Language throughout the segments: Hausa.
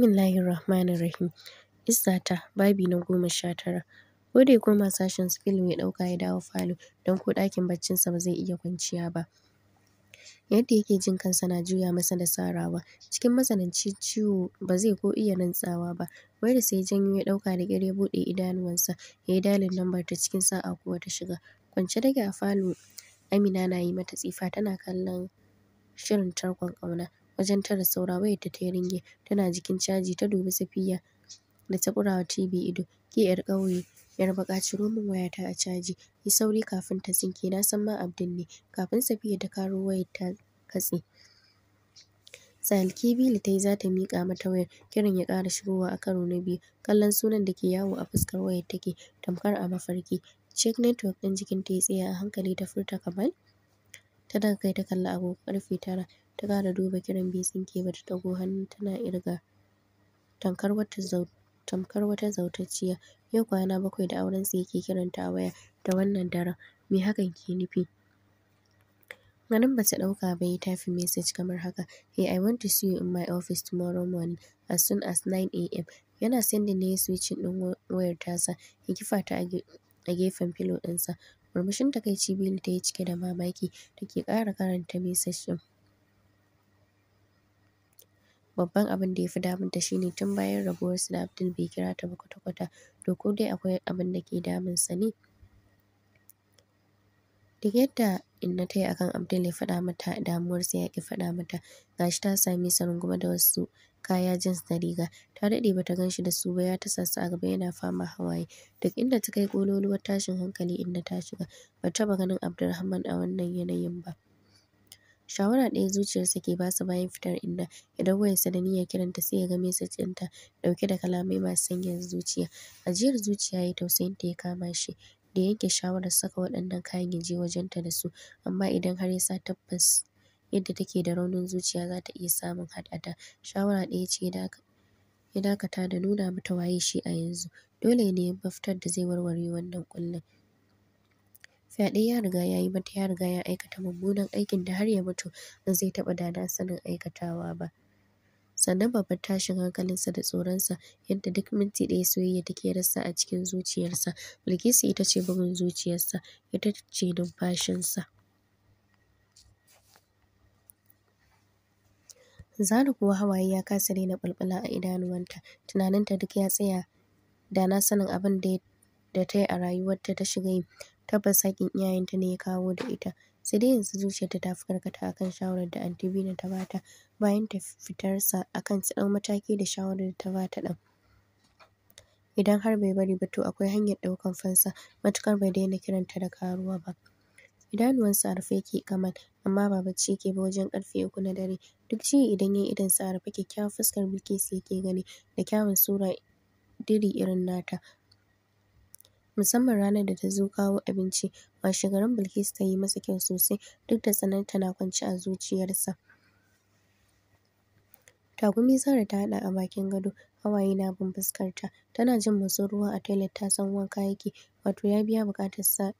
Bismillahirrahmanirrahim. Izzata, babi na goma sha tara. Ko da ya koma su Phil ya ɗauka ya dawo falo don ko ɗakin baccinsa ba zai iya kwanciya ba. Yadda yake jin kansa na juya masa da sarawa, cikin matsanancin ciwo ba zai ko iya rantsawa ba. Wai da sai janyo ya ɗauka da ƙyar ya buɗe idanuwansa ya yi dalin lambar ta cikin sa'a kuwa ta shiga. Kwance daga a falo Amina na yi mata tsifa tana kallon shirin tarkon ƙauna. Wajen tara saura wayarta ta yi Tana jikin caji ta dubi Safiya da ta ƙura wa TV ido. Ke 'yar ƙauye, 'yar baƙa ciro min wayata a caji. Yi sauri kafin ta tsinke na san ma Abdul ne. Kafin Safiya ta karo wayar ta katse. Salki Bili ta yi za ta miƙa mata wayar. Kiran ya ƙara shigowa a karo na biyu. Kallon sunan da ke yawo a fuskar wayar take tamkar a mafarki. Cek netwok ɗin jikin ta ya tsaya a hankali ta furta Kamal. Ta kai ta kalla agogo karfe tara. Ta ƙara duba kiran bai tsinke ba ta ɗago hannu tana irga tamkar wata zau tamkar wata zautacciya. Yau kwana bakwai da auren su yake kiranta a waya da wannan daren. Me hakan ke nufi? Ganin bata ta ɗauka ba ya tafi message kamar haka. Hey, I want to see you in my office tomorrow morning as soon as 9 a.m. Yana sendin ne switchin ɗin wayar tasa ya kifa ta a gefen pillow ɗinsa. Murmushin takaici Billy ta yi cike da mamaki take ƙara karanta message ɗin. Babban abin da ya fi damun shi shine tun bayan rabuwar su da Abdul bai kira ta ba kwata-kwata. To ko dai akwai abin da ke damunsa ne? Duk yadda inna tayi akan Abdul ya faɗa mata damuwarsa ya ki faɗa mata. Gashi ta sami sanin kuma da wasu kaya jins da riga. Ta daɗe bata gan shi da su ba ya ta sasu a gaba yana fama hawaye. Duk inda ta kai ƙololuwar tashin hankali inna ta shiga. Bata taɓa ganin abdulrahman a wannan yanayin ba. Shawara ɗaya zuciyarsa ke ba su bayan fitar inna idan wayarsa da niyyar kiranta sai ya ga message ɗinta ɗauke da kalamai masu sanyaya zuciya. Ajiyar zuciya ya tausayin ta ya kama shi da yanke shawarar saka waɗannan kayan ya je wajenta da su. Amma idan har ya sa tabbas yadda take da raunin zuciya za ta iya samun haɗata. Shawara ɗaya ce ya dakata da nuna mata waye shi a yanzu. Dole ne ya fitar da zai warware wannan kullum. Fyaɗe ya riga ya yi mata, ya riga ya aikata mummunan aikin da har ya mutu ba zai taɓa dana sanin aikatawa ba. Sannan babban tashin hankalinsa da tsoronsa yadda duk minti ɗaya soyayya take rasa a cikin zuciyarsa. Bilkisu ita ce bugun zuciyarsa, ita ce numfashinsa. zanu kuwa hawaye ya kasa daina ɓulɓula a idanuwanta, tunaninta duk ya tsaya da na sanin abin da ta yi a rayuwarta ta shiga yi tabbas haƙƙin iyayenta ne ya kawo da ita sai dai yanzu zuciyarta ta fi karkata akan shawarar da anti Bina ta bata bayan ta fitarsa akan ta mataki da shawarar da ta bata ɗin idan har bai bari ba to akwai hanyar ɗaukan fansa matukar bai daina kiranta da karuwa ba idanuwansa a rufe yake kamal amma ba bacci yake ba wajen ƙarfe uku na dare duk jiya idan yayi sa a rufe kyakkyawar fuskar Bilkisu yake gani da kyawun sura diri irin nata musamman ranar da ta zo kawo abinci. Washegarin Bilkisu ta yi masa kyau sosai duk da tsananta na kwanci a zuciyarsa. takumi Zara ta hada a bakin gado, hawaye na bin fuskarta. Tana jin masu ruwa a toilet ta san wanka yake, wato ya biya bukatar sa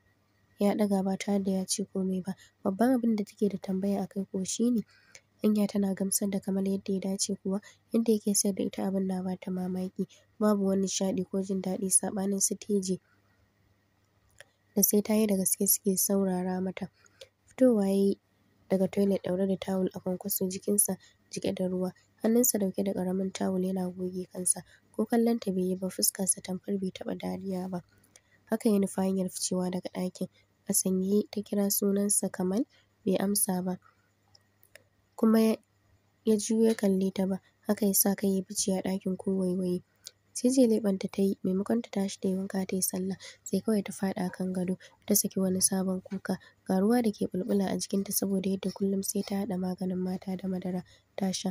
ya daga ba tare da ya ce komai ba. Babban abin da take da tambaya a kai ko shi ne, hanya tana gamsar da kamar yadda ya dace kuwa? Yadda yake sayar da ita abin na ba ta mamaki. Babu wani nishaɗi ko jin daɗi saɓanin su Teji. da sai ta yi da gaske suke saurara mata. Fitowa ya yi daga toilet ɗaure da tawul a kwankwaso jikinsa jike da ruwa. Hannunsa dauke da ƙaramin tawul yana goge kansa. Ko kallon ta bai yi ba fuskarsa tamfar bai taɓa dariya ba. Haka ya nufi hanyar ficewa daga ɗakin. A sanye ta kira sunansa Kamal bai amsa ba. Kuma ya juya ya kalle ta ba. Haka ya sa kai ya fice a ɗakin ko waiwaye. Cije leɓenta ta yi maimakon ta tashi ta yi wanka ta yi sallah sai kawai ta faɗa kan gado ta saki wani sabon kuka ga ruwa da ke ɓulɓula a jikinta saboda yadda kullum sai ta haɗa maganin mata da madara ta sha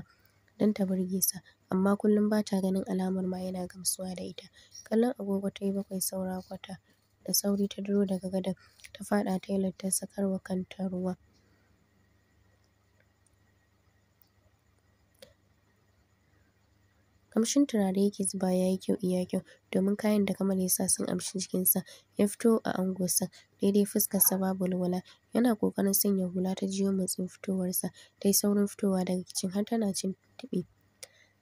don ta burge sa amma kullum ba ta ganin alamar ma yana gamsuwa da ita. Kallon agogo ta yi bakwai saura kwata da sauri ta duro daga gadon ta faɗa tailor ta sakarwa kanta ruwa. Kamshin turare yake zuba yayi kyau iya kyau domin kayan da kamar yasa sun amshi jikinsa ya fito a angonsa daidai fuskarsa babu walwala yana kokarin sanya hula ta jiyo motsin fitowarsa dai saurin fitowa daga kicin har tana cin taɓi.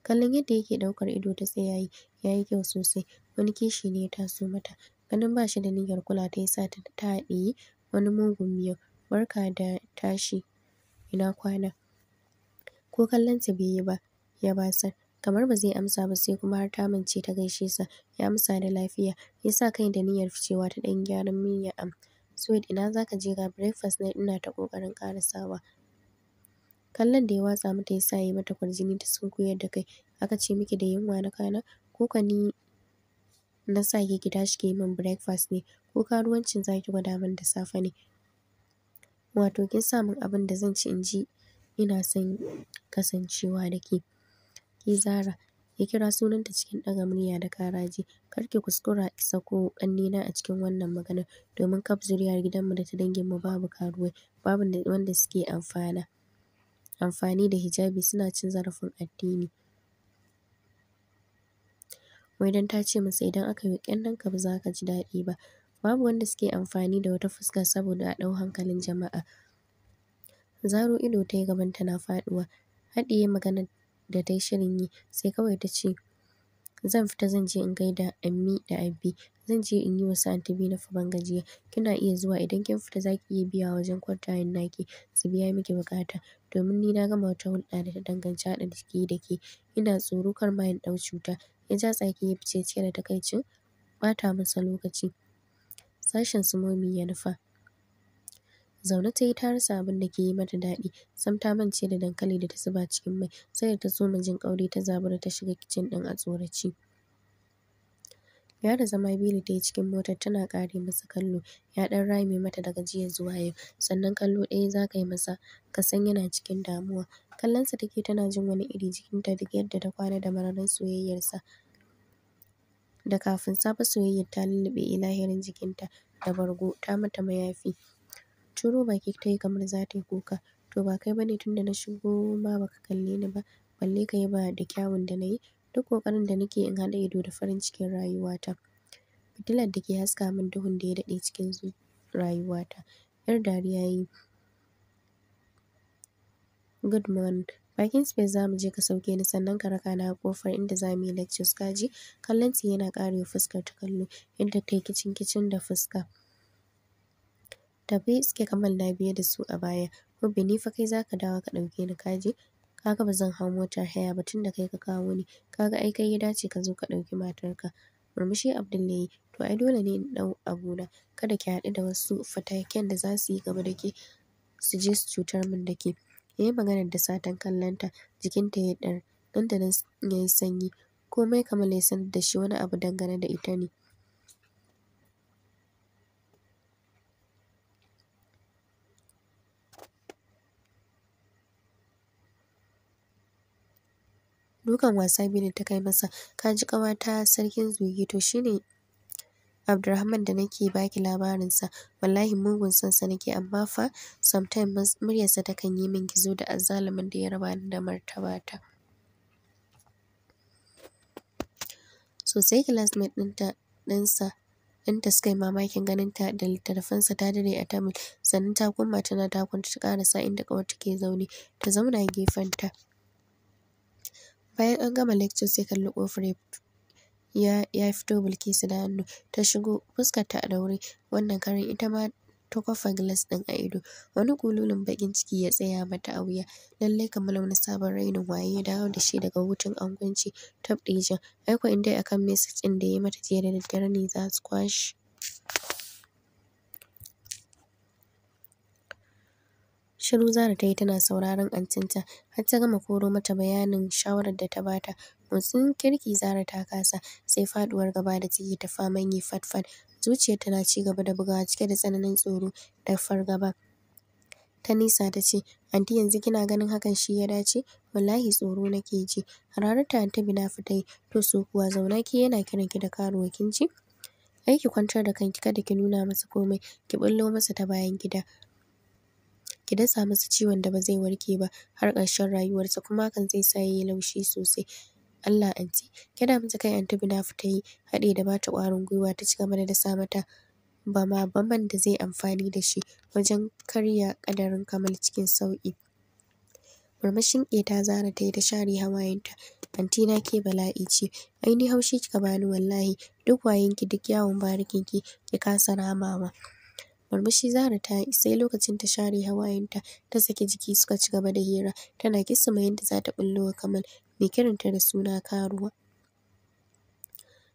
Kallon yadda yake ɗaukar ido ta tsaya yi yayi kyau sosai wani kishi ne ya taso mata ganin ba shi da niyyar kula ta yasa ta haɗiyi wani mugun miyau barka da tashi ina kwana ko kallonta bai yi ba ya basar Kamar ba zai amsa ba sai kuma har ta mance ta gaishe sa, ya amsa da lafiya. Ya sa kai da niyyar ficewa ta dan gyaran miya am. Sweet ina zaka je ga breakfast na? ina ta ƙoƙarin karasawa. Kallon da ya watsa mata ya sa ya yi mata kwarjini ta sunkuyar da kai. Aka ce miki da yunwa na kana Ko ka ni na sa ki ki tashi ke min breakfast ne? Ko karuwancin za ki gwada min da safe ne? Wato kin sa min abin da zan ci in ji ina son kasancewa da ke. ki Zara, ya kira sunanta cikin ɗaga murya da ƙaraji, kar ki kuskura ki sako ƙannena a cikin wannan magana domin kaf zuriyar gidanmu da ta danginmu babu karuwai, babu wanda suke amfana amfani da hijabi suna cin zarafin addini. Wai don ta ce masa idan aka yi wa ba za ka ji daɗi ba. Babu wanda suke amfani da wata fuska saboda a ɗau hankalin jama'a. Zaro ido ta yi gaban na faɗuwa. Haɗiye maganar da ta yi shirin yi sai kawai ta ce zan fita zan je in gaida ammi da abi zan je in yi wa su biyu na fuban gajiya kina iya zuwa idan kin fita za ki iya biya wajen kwarta yin naki su biya miki bukata domin ni na gama wata hulɗa da ta danganci haɗa jiki da ke ina tsoro kar ma in ɗau cuta ya ja tsaki ya fice cike da takaicin bata masa lokaci sashen su ya nufa Zaune ta yi ta rasa abin da ke yi mata daɗi, sam ta mance da dankali da ta zuba cikin mai, sai da ta ma jin ƙaure ta zabura ta shiga kicin ɗin a tsorace. da zama da ta yi cikin motar tana ƙare masa kallo, ya ɗan rame mata daga jiya zuwa yau, sannan kallo ɗaya za ka yi masa, ka san yana cikin damuwa. Kallonsa take tana jin wani iri jikinta duk yadda ta kwana da mararin soyayyarsa. Da kafin safe soyayyar ta lulluɓe ilahirin jikinta da bargo ta mata mayafi. Turo baki tayi kamar za ta yi kuka. To ba kai bane tunda na shigo ma ba ka kalle ni ba. Balle ka yaba da kyawun da na yi. Duk ƙoƙarin da nake in haɗa ido da farin cikin rayuwata. Fitilar da ke haska min duhun da ya daɗe cikin rayuwata. Yar dariya ya yi. Good morning. Bakin space za mu je ka sauke ni sannan ka raka ni a ƙofar inda za mu yi lectures ka ji. Kallonta yana ƙarewa fuskar ta kallo, ta yi kicin kicin da fuska. Tafi suke kamar biye da su a baya. Bubbe ni fa kai zaka dawo ka dauke ni kaji kaga Ka ga ba zan hau motar haya ba tunda kai ka kawo ni. kaga ai kai ya dace ka zo ka ɗauki matarka. Murmushi Abdul To ai dole ne in dau abuna. Kada ki haɗu da wasu fataken da za su yi gaba da ke su je su cutar min da ke. Ya yi maganar da satan kallonta. Jikinta ya dan Nan nan ya yi sanyi. Komai kamar ya san da shi wani abu dangane da ita ne. dukan wasa biyu ne ta kai masa. Ka ji ƙawata sarkin zugi to shine Abdurrahman da nake baki labarinsa wallahi mugun san sa nake amma fa sometimes muryarsa takan yi min gizo da azzalumin da ya raba ni da martabata. Sosai classmate ɗinta sa suka yi mamakin ganin ta da sa ta dare a tamu sannan ta koma tana ta kwanta ta karasa inda ƙawar take zaune ta zauna ta. Bayan an gama lecture sai kalli kofar ya fito. Ya, fito Bilkisu da hannu ta shigo fuskarta a daure wannan karin ita ma ta kwafa glass ɗin a ido wani kululin bakin ciki ya tsaya mata a wuya lallai kamar wani sabon rainin waye ya dawo da shi daga hutun angwanci tab jin aiko in akan message ɗin da ya mata jiya da daddare ne za su kwashe Shiru Zara ta yi tana sauraron antinta har ta gama koro mata bayanin shawarar da ta bata Motsin kirki Zara ta kasa sai faɗuwar gaba da ciki ta faman yi fatfat. Zuciyarta na ci gaba da bugawa cike da tsananin tsoro da fargaba. ta nisa ta ce, Anti yanzu kina ganin hakan shi ya dace? Wallahi tsoro nake ji. ta Anti Bina fita yi, to so kuwa zauna ki yana kiran ki da karuwa kin ji? kwantar da kanki kada ki nuna masa komai, ki ɓullo masa ta bayan gida. ki dasa masa ciwon da ba zai warke ba har ƙarshen rayuwarsa kuma hakan zai sa ya yi laushi sosai. Allah anti, Kada mata kai anti bina ta yi haɗe da bata ƙwarin gwiwa ta ci gaba da dasa mata bama-baman da zai amfani da shi wajen karya ƙadarin Kamal cikin sauƙi. Murmushin ƙeta Zara ta yi ta share hawayenta. Anti na ke bala'i ce, ai ni haushi kika bani wallahi, duk wayenki duk yawon barikinki ki kasa ramawa. Murmushi Zara ta yi sai lokacin ta share hawayenta ta saki jiki suka ci gaba da hira tana mai yadda za ta bullo kamar Kamal mai kiranta da suna karuwa.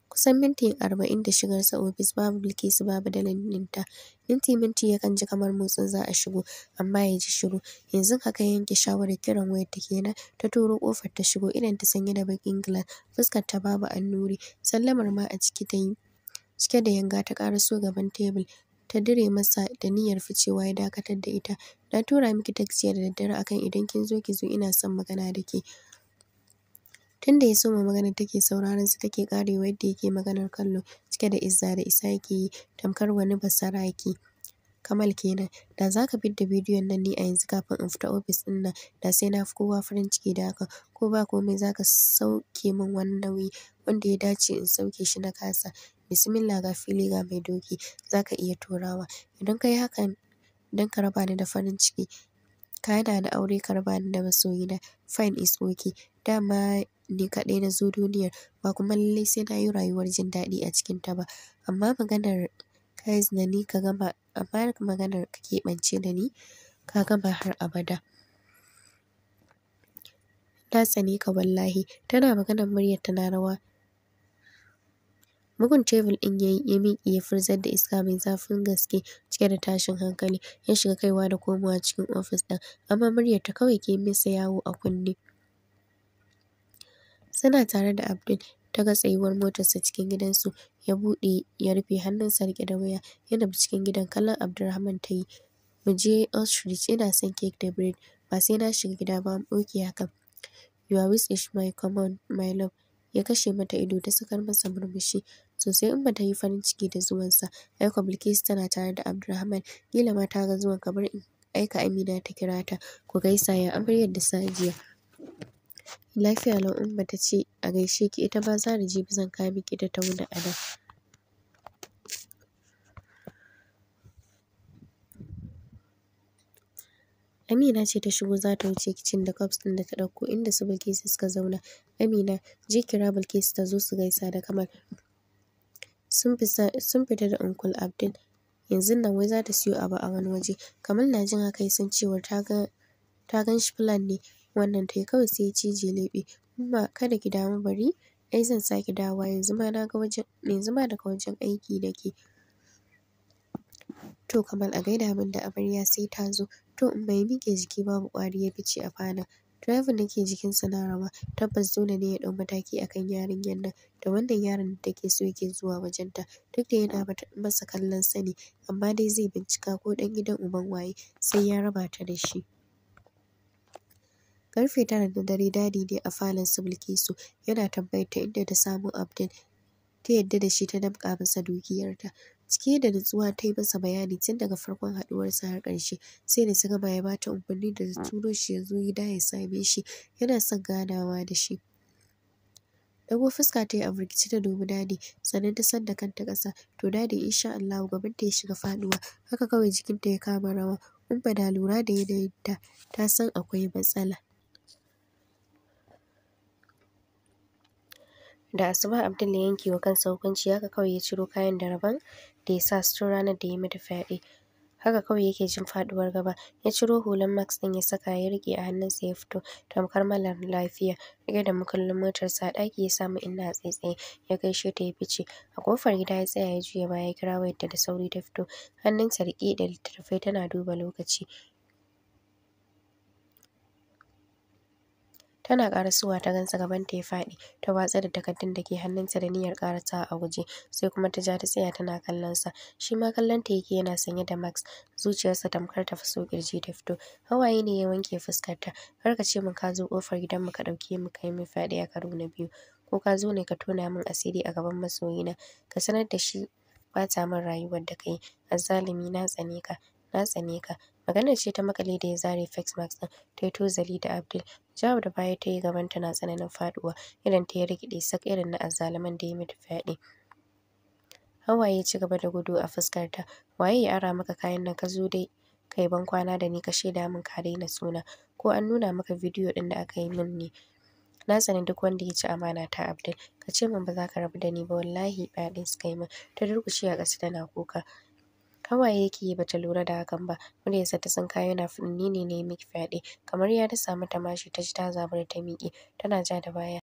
Kusan minti arba'in da shigar sa ofis babu Bilkisu babu dalilinta. Minti minti yakan ji kamar motsin za a shigo amma ya ji shiru. Yanzu haka yanke shawarar kiran wayar ta kenan ta turo kofar ta shigo idan ta sanya da bakin gilas fuskar ta babu annuri sallamar ma a ciki ta yi. Cike da yanga ta karaso gaban tebul ta dire masa da niyyar ficewa ya dakatar da ita. "Na tura miki taksiya da daddare akan idan kin zo ki zo ina son magana da ke." Tun da ya soma maganar take sauraron su take karewa yadda yake maganar kallo cike da izza da isa yake yi tamkar wani yake Kamal kenan da za ka fidda bidiyon nan ni a yanzu kafin in fita ofis din nan da sai na fi kowa farin ciki da hakan ko ba komai za ka sauke min wani nauyi wanda ya dace in sauke shi na kasa. bismillah ga fili ga mai doki za ka iya turawa. Idan ka yi hakan don ka raba ni da farin ciki ka yana da aure ka raba ni da masoyina fine is okay dama ni kaɗai na zo duniyar ba kuma lallai sai na yi rayuwar jin daɗi a cikin ta ba amma maganar ka da ni ka gama amma maganar ka keɓance da ni ka gama har abada. Na tsane ka wallahi tana maganar muryarta na rawa Bugun tebul ɗin ya ya miƙe ya furzar da iska mai zafin gaske cike da tashin hankali ya shiga kaiwa da komawa cikin ofis ɗin amma muryar ta kawai ke masa yawo a kunne. Suna tare da Abdul ta ga tsayuwar motarsa cikin gidansu ya buɗe ya rufe hannunsa riƙe da waya ya nufi cikin gidan kallon Abdulrahman ta yi. Mu je Ostrich ina son cake da bread ba sai na shiga gida ba mu ɗauke hakan. You are with Ishmael come on my love ya kashe mata ido ta sakar masa murmushi sosai in bata yi farin ciki da zuwansa. Ai kuwa Bilkisu tana tare da Abdulrahman kila ma ta ga zuwan kamar in aika Amina ta kira ta ku gaisa ya amaryar da Sajiya. Lafiya lau Umma ta ce a gaishe ki ita ma za je jibi zan kawo miki ita ta wuni a nan. Amina ce ta shigo za ta wuce kicin da cups ɗin da ta ɗauko inda su Bilkisu suka zauna. Amina, je kira Bilkisu ta zo su gaisa da kamar. Sun fita da Uncle Abdul. Yanzu nan wai za ta siyo abu a wani waje. Kamal na jin haka ya san cewar ta ga ta gan shi plan ne wannan ta yi kawai sai ya cije leɓe. kada ki damu bari ai zan sake dawowa yanzu ma na ga wajen yanzu ma daga wajen aiki dake. To kamar a gaida min da amarya sai ta zo. To in bai miƙe jiki babu ƙwari ya fice a fana. driver da ke jikinsa na raba tabbas dole ne ya ɗau mataki akan kan yarinyar nan da wannan yaron da take so yake zuwa wajen ta Duk da yana masa kallon sani amma dai zai bincika ko ɗan gidan uban waye sai ya raba ta da shi. karfe tara na dare dadi ne a falon su Bilkisu yana tambayar ta inda ta samu Abdul ta yadda da shi ta damƙa masa dukiyarta. Cike da nutsuwa ta yi masa bayani tun daga farkon haɗuwarsa har ƙarshe, sai da ta gama ya ba ta da ta turo shi ya zo gida ya same shi, yana son ganawa da shi. dago fuska ta yi a rikici ta dubi Dadi, sannan ta san da kanta ƙasa. To Dadi insha Allahu ta ya shiga faɗuwa, haka kawai jikinta ya kama rawa. Umma da lura da yanayinta, ta san akwai matsala. Da asuba Abdul ya yanke wa kansa hukunci haka kawai ya ciro kayan da rabon da ya sa su ranar da ya mata fyaɗe. Haka kawai yake jin faɗuwar gaba. Ya ciro hulan Max din ya saka ya riƙe a hannunsa ya fito tamkar mallar lafiya. Riƙe da mukullin motarsa a ɗaki ya samu inna a tsaitsaye ya gaishe ta ya fice. A ƙofar gida ya tsaya ya juya baya ya kira wayarta da sauri ta fito. hannunsa riƙe da littattafai tana duba lokaci. Tana karasuwa ta gansa ta ya faɗi, ta watsa da takardun da ke hannunta da niyyar karata a guje, sai kuma ta ja ta tsaya tana kallon sa Shi ma kallon ta yake yana sanye da max zuciyarsa tamkar ta faso kirji ta fito. Hawaye ne ya wanke fuskarta. Kar ka ce min ka zo kofar gidan mu ka ɗauke mu kai yi min fyaɗe a karo na biyu. Ko ka zo ne ka tona min asiri a gaban masoyina. Ka sanar da shi bata min rayuwar da ka yi. Azzalumi na tsane ka, na tsane ka. Maganar ce ta makale da ya zare face mask ɗin ta yi tozali da Abdul. Jawab da baya ta yi ta na tsananin faduwa idan ta ya rikide sak irin na azzaluman da ya mata fyaɗe. Hawaye ci gaba da gudu a fuskar ta Waye ya ara maka kayan nan ka zo dai kai ban kwana da ni ka shaida min ka daina suna ko an nuna maka bidiyo din da aka yi min ne. Na tsani duk wanda ya ci amana ta Abdul. Ka ce min ba za ka rabu da ni ba wallahi din suka yi min. Ta durkushe a ƙasa tana kuka. Hawaye yake yi bata lura da hakan ba. Muryarsa ta tsinkayo yana faɗin ne na miki fyaɗe. Kamar ya dasa mata mashi ta ji ta ta miƙe, tana ja da baya.